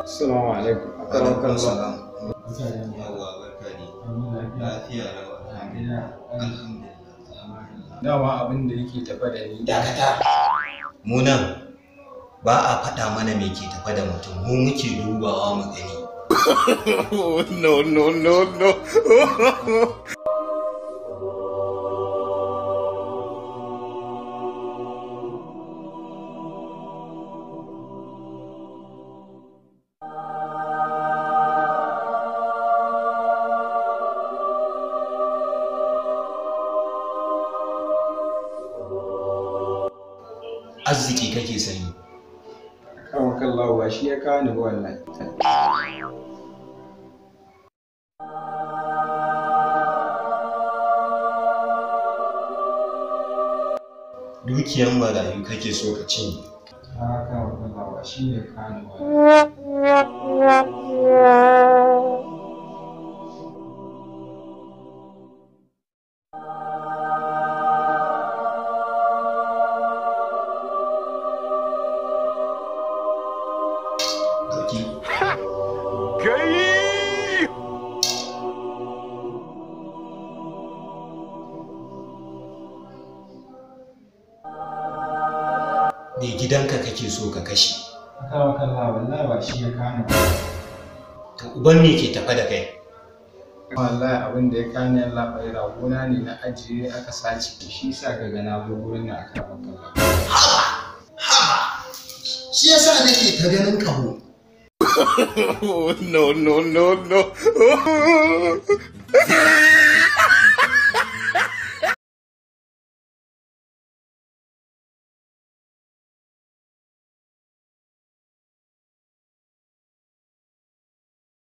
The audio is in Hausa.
Assalamu abin da yake tafa da ni. Dakata. Mu nan ba a faɗa mana me ke tafa da mutum mu muke dubawa mu gani. no no no no. arziki kake sanyi kan kallawa ba shi ya kawo ni ba wallahi dukiyan marayu kake so ka cinye kan kallawa shi ne kawo ni wallahi Me gidanka kake so ka kashe kawo kalla wallahi ba shi ya kana. to uban ne ke tafa da kai wallahi abin da ya kani Allah bai ragona ne na ajiye aka sace shi sa ka ga gana zo na aka kawo kalla Ha! Ha! shi yasa nake ta ganin kaho no, no, no, no.